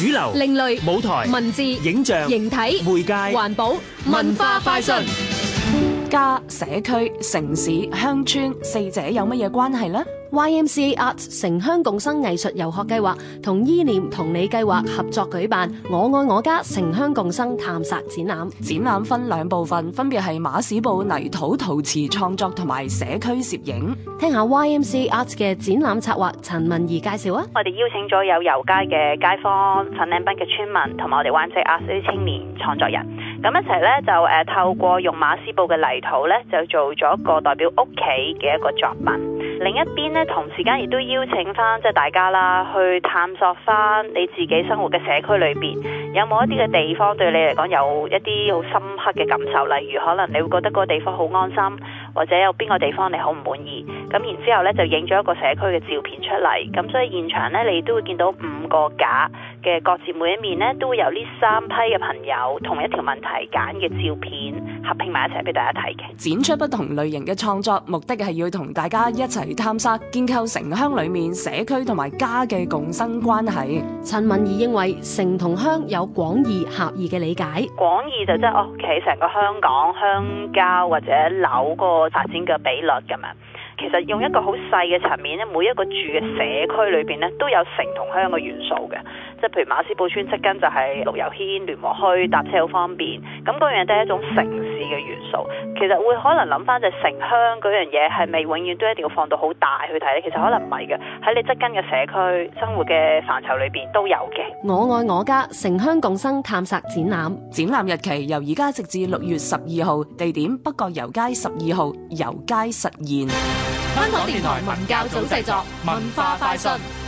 主流、另類、舞台、文字、影像、形體、媒介、環保、文化、快訊。家、社區、城市、鄉村四者有乜嘢關係呢？YMCA Arts 城鄉共生藝術遊學計劃同依念同你計劃合作舉辦《我愛我家城鄉共生探索展覽。展覽分兩部分，分別係馬屎埔泥土陶瓷創作同埋社區攝影。聽下 YMCA Arts 嘅展覽策劃陳文儀介紹啊！我哋邀請咗有遊街嘅街坊、粉嶺北嘅村民同埋我哋 YMCA 嘅青年創作人。咁一齊咧就、啊、透過用馬斯布嘅泥土咧，就做咗一個代表屋企嘅一個作品。另一邊呢，同時間亦都邀請翻即係大家啦，去探索翻你自己生活嘅社區裏面，有冇一啲嘅地方對你嚟講有一啲好深刻嘅感受。例如可能你會覺得個地方好安心，或者有邊個地方你好唔滿意。咁然之後咧就影咗一個社區嘅照片出嚟。咁所以現場咧你都會見到五個架。嘅各自每一面咧，都會有呢三批嘅朋友同一條問題揀嘅照片合拼埋一齊俾大家睇嘅。展出不同類型嘅創作，目的係要同大家一齊探索，建構城鄉裏面社區同埋家嘅共生關係。陳敏儀認為城同鄉有廣義、狹義嘅理解。廣義就即係屋企成個香港、鄉郊或者樓個發展嘅比率咁啊。其實用一個好細嘅層面咧，每一個住嘅社區裏邊咧，都有城同鄉嘅元素嘅。即係譬如馬屎埔村側根就係綠悠軒，聯和墟搭車好方便，咁嗰樣都係一種城市嘅元素。其實會可能諗翻就城鄉嗰樣嘢係咪永遠都一定要放到好大去睇咧？其實可能唔係嘅，喺你側根嘅社區生活嘅範疇裏邊都有嘅。我愛我家城鄉共生探索展覽，展覽日期由而家直至六月十二號，地點北角油街十二號油街實現。香港電台文教組製作文化快訊。